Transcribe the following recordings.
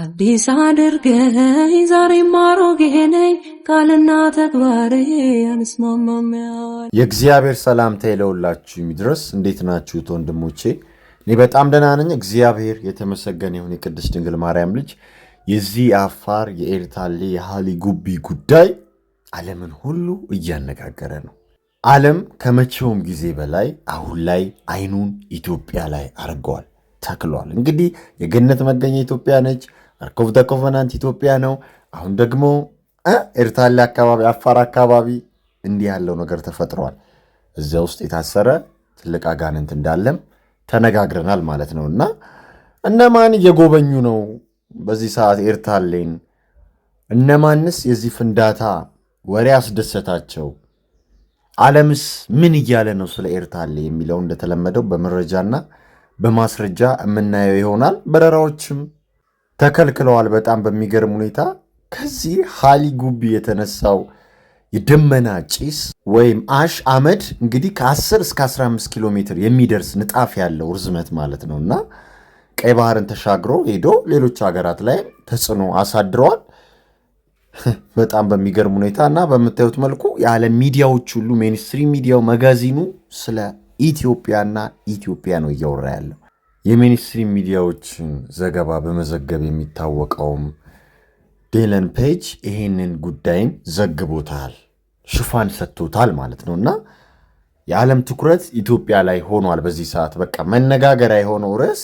አዲስ አድርገኝ ዛሬም ነኝ፣ ቃልና ተግባሬ አንስማማም። የእግዚአብሔር ሰላምታ ለሁላችሁ የሚድረስ እንዴት ናችሁት ወንድሞቼ? እኔ በጣም ደህና ነኝ። እግዚአብሔር የተመሰገነ ይሁን። የቅድስት ድንግል ማርያም ልጅ የዚህ የአፋር የኤርታሌ የሃሊ ጉቢ ጉዳይ ዓለምን ሁሉ እያነጋገረ ነው። ዓለም ከመቼውም ጊዜ በላይ አሁን ላይ አይኑን ኢትዮጵያ ላይ አድርገዋል ተክሏል። እንግዲህ የገነት መገኛ ኢትዮጵያ ነች። አርክ ኦፍ ኮቨናንት ኢትዮጵያ ነው። አሁን ደግሞ ኤርታሌ አካባቢ፣ አፋር አካባቢ እንዲህ ያለው ነገር ተፈጥሯል። እዚያ ውስጥ የታሰረ ትልቅ አጋንንት እንዳለም ተነጋግረናል ማለት ነው። እና እነማን እየጎበኙ ነው በዚህ ሰዓት ኤርታሌን? እነማንስ የዚህ ፍንዳታ ወሬ አስደሰታቸው? ዓለምስ ምን እያለ ነው ስለ ኤርታሌ የሚለው እንደተለመደው በመረጃና በማስረጃ የምናየው ይሆናል። በረራዎችም ተከልክለዋል። በጣም በሚገርም ሁኔታ ከዚህ ሃሊ ጉቢ የተነሳው የደመና ጭስ ወይም አሽ አመድ እንግዲህ ከ10 እስከ 15 ኪሎ ሜትር የሚደርስ ንጣፍ ያለው ርዝመት ማለት ነው እና ቀይ ባህርን ተሻግሮ ሄዶ ሌሎች ሀገራት ላይ ተጽዕኖ አሳድረዋል። በጣም በሚገርም ሁኔታ እና በምታዩት መልኩ የዓለም ሚዲያዎች ሁሉ ሜንስትሪም ሚዲያው፣ መጋዚኑ ስለ ኢትዮጵያና ኢትዮጵያ ነው እያወራ ያለው። የሚኒስትሪ ሚዲያዎችን ዘገባ በመዘገብ የሚታወቀውም ዴለን ፔጅ ይሄንን ጉዳይን ዘግቦታል፣ ሽፋን ሰጥቶታል ማለት ነው እና የዓለም ትኩረት ኢትዮጵያ ላይ ሆኗል። በዚህ ሰዓት በቃ መነጋገሪያ የሆነው ርዕስ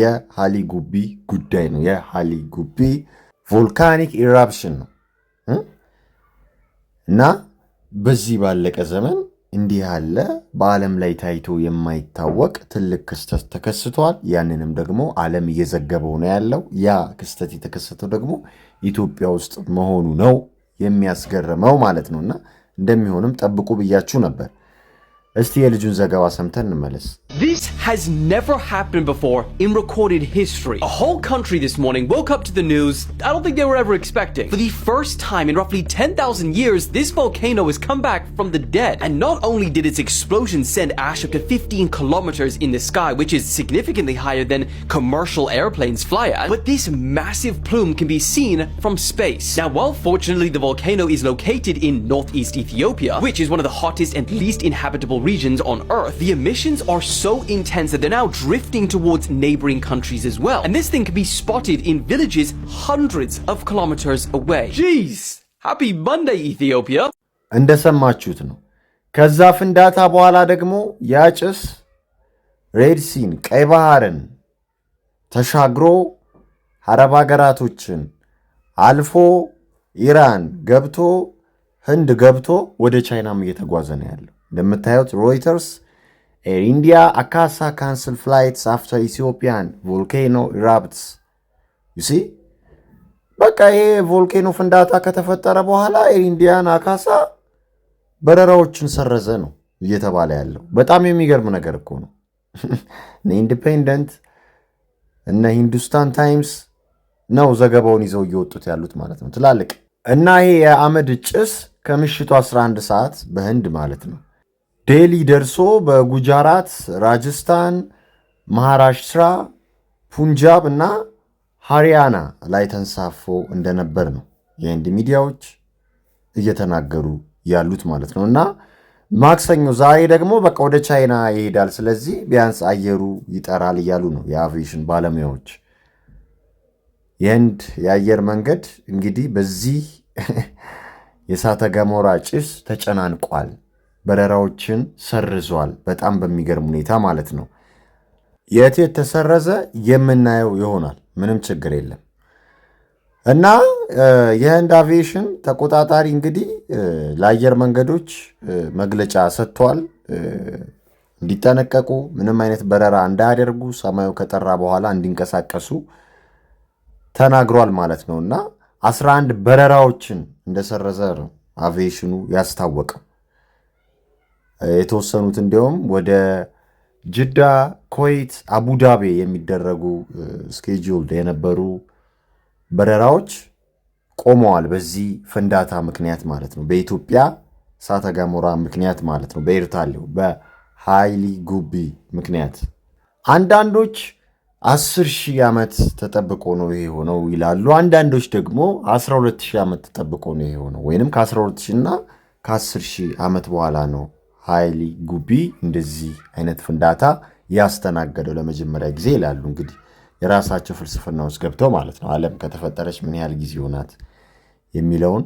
የሃሊ ጉቢ ጉዳይ ነው። የሃሊ ጉቢ ቮልካኒክ ኢራፕሽን ነው እና በዚህ ባለቀ ዘመን እንዲህ ያለ በዓለም ላይ ታይቶ የማይታወቅ ትልቅ ክስተት ተከስቷል። ያንንም ደግሞ ዓለም እየዘገበው ነው ያለው። ያ ክስተት የተከሰተው ደግሞ ኢትዮጵያ ውስጥ መሆኑ ነው የሚያስገርመው ማለት ነው። እና እንደሚሆንም ጠብቁ ብያችሁ ነበር። እስቲ የልጁን ዘገባ ሰምተን እንመለስ። This has never happened before in recorded history. A whole country this morning woke up to the news I don't think they were ever expecting. For the first time in roughly 10,000 years, this volcano has come back from the dead. And not only did its explosion send ash up to 15 kilometers in the sky, which is significantly higher than commercial airplanes fly at, but this massive plume can be seen from space. Now, while fortunately the volcano is located in northeast Ethiopia, which is one of the hottest and least inhabitable regions on Earth, the emissions are so intense that they're now drifting towards neighboring countries as well. And this thing can be spotted in villages hundreds of kilometers away. Jeez! Happy Monday, Ethiopia! And ነው። ከዛ ፍንዳታ በኋላ ደግሞ ያ ጭስ ሬድሲን ቀይ ባህርን ተሻግሮ አረብ ሀገራቶችን አልፎ ኢራን ገብቶ ህንድ ገብቶ ወደ ቻይናም እየተጓዘ ነው ያለው። እንደምታዩት ሮይተርስ ኤር ኢንዲያ አካሳ ካንስል ፍላይትስ አፍተር ኢትዮጵያን ቮልኬኖ ኢራፕትስ ዩሲ በቃ ይሄ ቮልኬኖ ፍንዳታ ከተፈጠረ በኋላ ኤር ኢንዲያን አካሳ በረራዎችን ሰረዘ ነው እየተባለ ያለው። በጣም የሚገርም ነገር እኮ ነው። እነ ኢንዲፔንደንት እነ ሂንዱስታን ታይምስ ነው ዘገባውን ይዘው እየወጡት ያሉት ማለት ነው። ትላልቅ እና ይሄ የአመድ ጭስ ከምሽቱ 11 ሰዓት በህንድ ማለት ነው ዴሊ ደርሶ በጉጃራት፣ ራጅስታን፣ ማሃራሽትራ፣ ፑንጃብ እና ሃሪያና ላይ ተንሳፎ እንደነበር ነው የህንድ ሚዲያዎች እየተናገሩ ያሉት ማለት ነው። እና ማክሰኞ ዛሬ ደግሞ በቃ ወደ ቻይና ይሄዳል፣ ስለዚህ ቢያንስ አየሩ ይጠራል እያሉ ነው የአቪዬሽን ባለሙያዎች። የህንድ የአየር መንገድ እንግዲህ በዚህ የእሳተ ገሞራ ጭስ ተጨናንቋል። በረራዎችን ሰርዟል። በጣም በሚገርም ሁኔታ ማለት ነው። የት የተሰረዘ የምናየው ይሆናል። ምንም ችግር የለም። እና የህንድ አቪዬሽን ተቆጣጣሪ እንግዲህ ለአየር መንገዶች መግለጫ ሰጥቷል። እንዲጠነቀቁ፣ ምንም አይነት በረራ እንዳያደርጉ፣ ሰማዩ ከጠራ በኋላ እንዲንቀሳቀሱ ተናግሯል ማለት ነው እና 11 በረራዎችን እንደሰረዘ ነው አቪዬሽኑ ያስታወቀው። የተወሰኑት እንዲሁም ወደ ጅዳ፣ ኮይት፣ አቡዳቤ የሚደረጉ ስኬጁልድ የነበሩ በረራዎች ቆመዋል። በዚህ ፍንዳታ ምክንያት ማለት ነው። በኢትዮጵያ እሳተ ገሞራ ምክንያት ማለት ነው። በኤርታሌው በሃይሊ ጉቢ ምክንያት አንዳንዶች አስር ሺህ ዓመት ተጠብቆ ነው ይሄ ሆነው ይላሉ። አንዳንዶች ደግሞ 12 ሺህ ዓመት ተጠብቆ ነው ይሄ ሆነው ወይንም ከ12 ሺህ እና ከ10 ሺህ ዓመት በኋላ ነው ሀይሊ ጉቢ እንደዚህ አይነት ፍንዳታ ያስተናገደው ለመጀመሪያ ጊዜ ይላሉ። እንግዲህ የራሳቸው ፍልስፍና ውስጥ ገብተው ማለት ነው። ዓለም ከተፈጠረች ምን ያህል ጊዜ ሆናት የሚለውን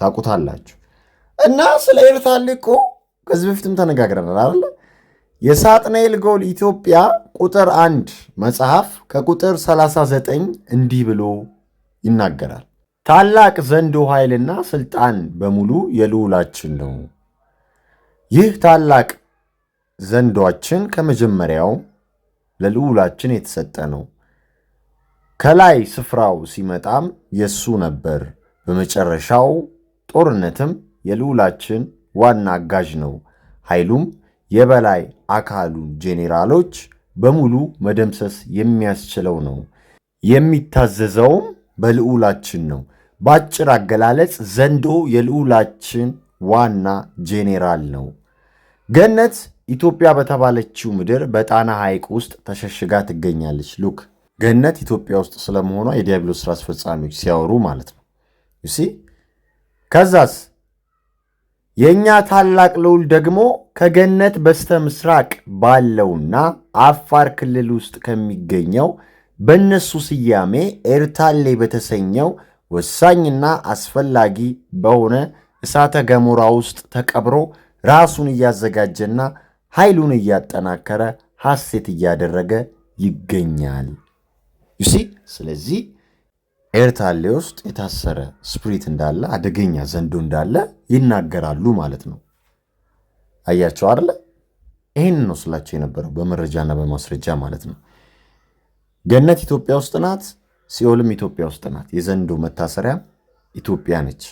ታውቁታላችሁ። እና ስለ ኤልታሌ እኮ ከዚህ በፊትም ተነጋግረናል የሳጥናኤል ጎል ኢትዮጵያ ቁጥር አንድ መጽሐፍ ከቁጥር 39 እንዲህ ብሎ ይናገራል። ታላቅ ዘንዶ ኃይልና ስልጣን በሙሉ የልዑላችን ነው። ይህ ታላቅ ዘንዶችን ከመጀመሪያው ለልዑላችን የተሰጠ ነው። ከላይ ስፍራው ሲመጣም የእሱ ነበር። በመጨረሻው ጦርነትም የልዑላችን ዋና አጋዥ ነው። ኃይሉም የበላይ አካሉን ጄኔራሎች በሙሉ መደምሰስ የሚያስችለው ነው። የሚታዘዘውም በልዑላችን ነው። በአጭር አገላለጽ ዘንዶ የልዑላችን ዋና ጄኔራል ነው። ገነት ኢትዮጵያ በተባለችው ምድር በጣና ሐይቅ ውስጥ ተሸሽጋ ትገኛለች። ሉክ ገነት ኢትዮጵያ ውስጥ ስለመሆኗ የዲያብሎስ ስራ አስፈጻሚዎች ሲያወሩ ማለት ነው። ዩሲ ከዛስ የእኛ ታላቅ ልዑል ደግሞ ከገነት በስተ ምስራቅ ባለውና አፋር ክልል ውስጥ ከሚገኘው በእነሱ ስያሜ ኤርታሌ በተሰኘው ወሳኝና አስፈላጊ በሆነ እሳተ ገሞራ ውስጥ ተቀብሮ ራሱን እያዘጋጀና ኃይሉን እያጠናከረ ሐሴት እያደረገ ይገኛል። ዩሲ ስለዚህ ኤርታሌ ውስጥ የታሰረ ስፕሪት እንዳለ አደገኛ ዘንዶ እንዳለ ይናገራሉ ማለት ነው። አያቸው አለ። ይህን ነው ስላቸው የነበረው በመረጃና በማስረጃ ማለት ነው። ገነት ኢትዮጵያ ውስጥ ናት፣ ሲኦልም ኢትዮጵያ ውስጥ ናት። የዘንዶ መታሰሪያ ኢትዮጵያ ነች።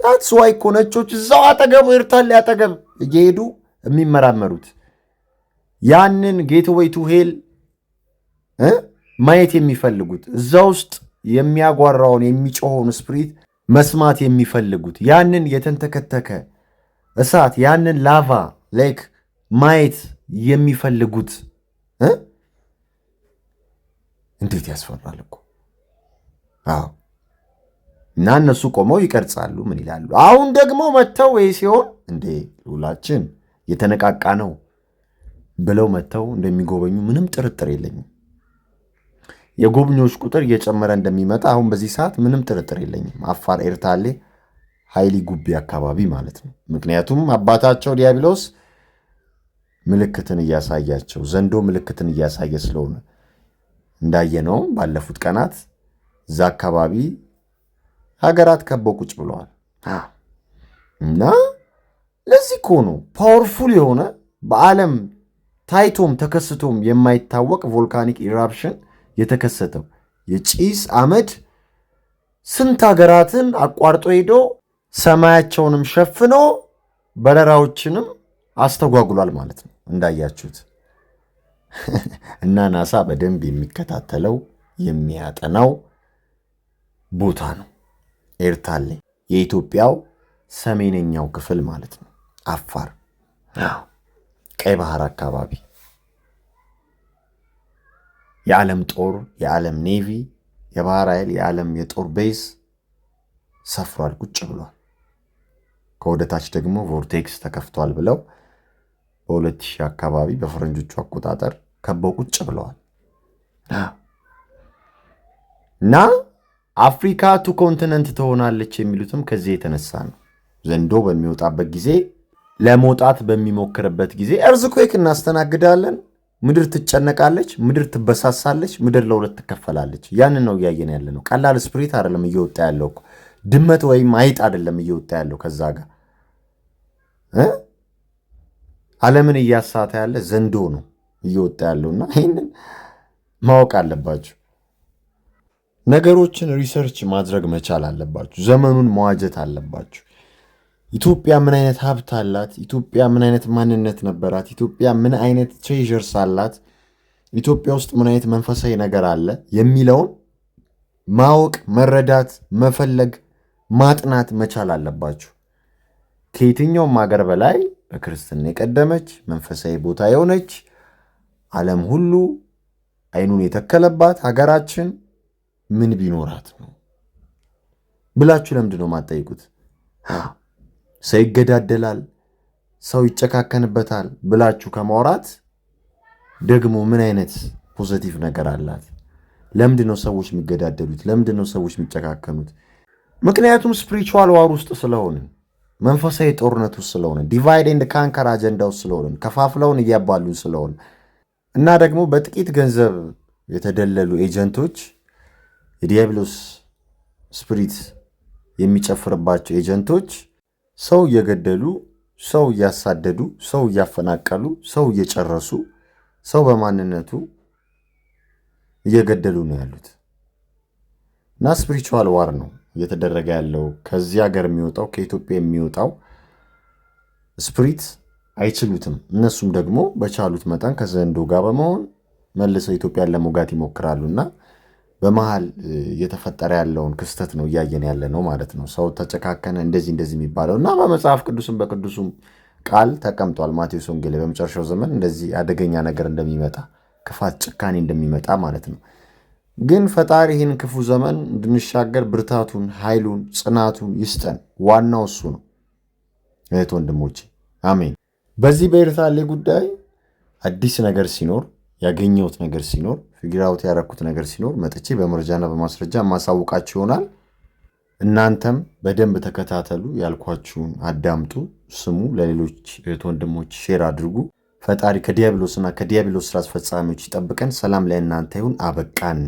ታትስ ዋይ እኮ ነጮች እዛው አጠገቡ ኤርታሌ አጠገብ እየሄዱ የሚመራመሩት ያንን ጌትዌይ ቱ ሄል ማየት የሚፈልጉት እዛ ውስጥ የሚያጓራውን የሚጮኸውን ስፕሪት መስማት የሚፈልጉት ያንን የተንተከተከ እሳት ያንን ላቫ ላይክ ማየት የሚፈልጉት እንዴት ያስፈራል እኮ አዎ። እና እነሱ ቆመው ይቀርጻሉ። ምን ይላሉ? አሁን ደግሞ መጥተው ወይ ሲሆን እንዴ ሁላችን የተነቃቃ ነው ብለው መጥተው እንደሚጎበኙ ምንም ጥርጥር የለኝም። የጎብኚዎች ቁጥር እየጨመረ እንደሚመጣ አሁን በዚህ ሰዓት ምንም ጥርጥር የለኝም። አፋር ኤርታሌ ሀይሊ ጉቢ አካባቢ ማለት ነው። ምክንያቱም አባታቸው ዲያብሎስ ምልክትን እያሳያቸው ዘንዶ ምልክትን እያሳየ ስለሆነ እንዳየነውም ባለፉት ቀናት እዛ አካባቢ ሀገራት ከበው ቁጭ ብለዋል እና ለዚህ እኮ ነው ፓወርፉል የሆነ በዓለም ታይቶም ተከስቶም የማይታወቅ ቮልካኒክ ኢራፕሽን የተከሰተው። የጭስ አመድ ስንት ሀገራትን አቋርጦ ሄዶ ሰማያቸውንም ሸፍኖ በረራዎችንም አስተጓጉሏል ማለት ነው። እንዳያችሁት እና ናሳ በደንብ የሚከታተለው የሚያጠናው ቦታ ነው። ኤርታሌ የኢትዮጵያው ሰሜነኛው ክፍል ማለት ነው። አፋር፣ ቀይ ባህር አካባቢ የዓለም ጦር የዓለም ኔቪ የባህር ኃይል የዓለም የጦር ቤዝ ሰፍሯል፣ ቁጭ ብሏል። ከወደታች ደግሞ ቮርቴክስ ተከፍቷል ብለው በሁለት ሺህ አካባቢ በፈረንጆቹ አቆጣጠር ከበው ቁጭ ብለዋል እና አፍሪካ ቱ ኮንቲነንት ትሆናለች የሚሉትም ከዚህ የተነሳ ነው። ዘንዶ በሚወጣበት ጊዜ ለመውጣት በሚሞክርበት ጊዜ እርዝኩዌክ እናስተናግዳለን። ምድር ትጨነቃለች፣ ምድር ትበሳሳለች፣ ምድር ለሁለት ትከፈላለች። ያንን ነው እያየን ያለ ነው። ቀላል ስፕሪት አይደለም እየወጣ ያለው ድመት ወይም አይጥ አይደለም እየወጣ ያለው ከዛ ጋር ዓለምን እያሳተ ያለ ዘንዶ ነው እየወጣ እና ይህንን ማወቅ አለባቸው። ነገሮችን ሪሰርች ማድረግ መቻል አለባችሁ። ዘመኑን መዋጀት አለባችሁ። ኢትዮጵያ ምን አይነት ሀብት አላት? ኢትዮጵያ ምን አይነት ማንነት ነበራት? ኢትዮጵያ ምን አይነት ትሬዠርስ አላት? ኢትዮጵያ ውስጥ ምን አይነት መንፈሳዊ ነገር አለ የሚለውን ማወቅ፣ መረዳት፣ መፈለግ፣ ማጥናት መቻል አለባችሁ። ከየትኛውም ሀገር በላይ በክርስትና የቀደመች መንፈሳዊ ቦታ የሆነች ዓለም ሁሉ አይኑን የተከለባት ሀገራችን ምን ቢኖራት ነው ብላችሁ ለምንድን ነው የማትጠይቁት? ሰው ይገዳደላል፣ ሰው ይጨካከንበታል ብላችሁ ከማውራት ደግሞ ምን አይነት ፖዘቲቭ ነገር አላት? ለምንድን ነው ሰዎች የሚገዳደሉት? ለምንድን ነው ሰዎች የሚጨካከኑት? ምክንያቱም ስፕሪቹዋል ዋር ውስጥ ስለሆንን፣ መንፈሳዊ ጦርነት ውስጥ ስለሆንን፣ ዲቫይድ ኤንድ ካንከር አጀንዳ ውስጥ ስለሆንን፣ ከፋፍለውን እያባሉን ስለሆን እና ደግሞ በጥቂት ገንዘብ የተደለሉ ኤጀንቶች የዲያብሎስ ስፕሪት የሚጨፍርባቸው ኤጀንቶች ሰው እየገደሉ፣ ሰው እያሳደዱ፣ ሰው እያፈናቀሉ፣ ሰው እየጨረሱ፣ ሰው በማንነቱ እየገደሉ ነው ያሉት እና ስፕሪቹዋል ዋር ነው እየተደረገ ያለው። ከዚህ ሀገር የሚወጣው ከኢትዮጵያ የሚወጣው ስፕሪት አይችሉትም። እነሱም ደግሞ በቻሉት መጠን ከዘንዶ ጋር በመሆን መልሰው ኢትዮጵያን ለመውጋት ይሞክራሉና በመሀል እየተፈጠረ ያለውን ክስተት ነው እያየን ያለ ነው ማለት ነው። ሰው ተጨካከነ እንደዚህ እንደዚህ የሚባለው እና በመጽሐፍ ቅዱስም በቅዱሱም ቃል ተቀምጧል። ማቴዎስ ወንጌል በመጨረሻው ዘመን እንደዚህ አደገኛ ነገር እንደሚመጣ ክፋት፣ ጭካኔ እንደሚመጣ ማለት ነው። ግን ፈጣሪ ይህን ክፉ ዘመን እንድንሻገር ብርታቱን፣ ኃይሉን፣ ጽናቱን ይስጠን። ዋናው እሱ ነው። እህት ወንድሞቼ፣ አሜን። በዚህ በኤርታሌ ጉዳይ አዲስ ነገር ሲኖር ያገኘሁት ነገር ሲኖር ፊግራውት ያረኩት ነገር ሲኖር መጥቼ በመረጃና በማስረጃ ማሳወቃችሁ ይሆናል። እናንተም በደንብ ተከታተሉ፣ ያልኳችሁን አዳምጡ፣ ስሙ፣ ለሌሎች እህት ወንድሞች ሼር አድርጉ። ፈጣሪ ከዲያብሎስና ከዲያብሎስ ስራ አስፈጻሚዎች ይጠብቀን። ሰላም ለእናንተ ይሁን። አበቃን።